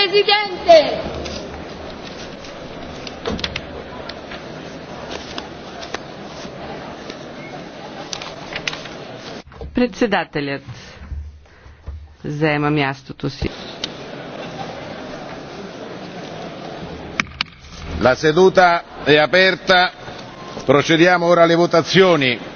Presidente! Председателят заема мястото си. La seduta è aperta. Procediamo ora alle votazioni.